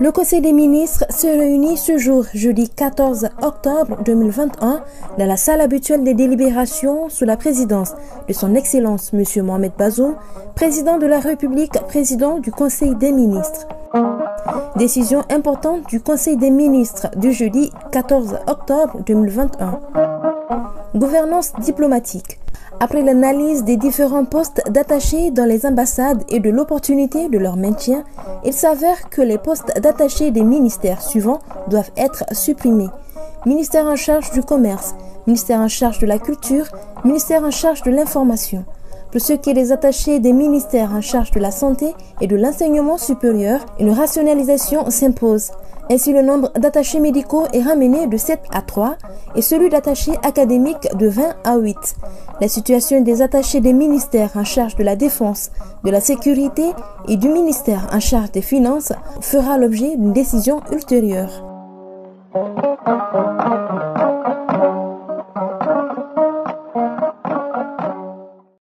Le Conseil des ministres se réunit ce jour, jeudi 14 octobre 2021, dans la salle habituelle des délibérations sous la présidence de son Excellence M. Mohamed Bazoum, président de la République, président du Conseil des ministres. Décision importante du Conseil des ministres du jeudi 14 octobre 2021. Gouvernance diplomatique. Après l'analyse des différents postes d'attachés dans les ambassades et de l'opportunité de leur maintien, il s'avère que les postes d'attachés des ministères suivants doivent être supprimés. Ministère en charge du commerce, ministère en charge de la culture, ministère en charge de l'information pour ce qui est des attachés des ministères en charge de la santé et de l'enseignement supérieur, une rationalisation s'impose. Ainsi, le nombre d'attachés médicaux est ramené de 7 à 3 et celui d'attachés académiques de 20 à 8. La situation des attachés des ministères en charge de la défense, de la sécurité et du ministère en charge des finances fera l'objet d'une décision ultérieure.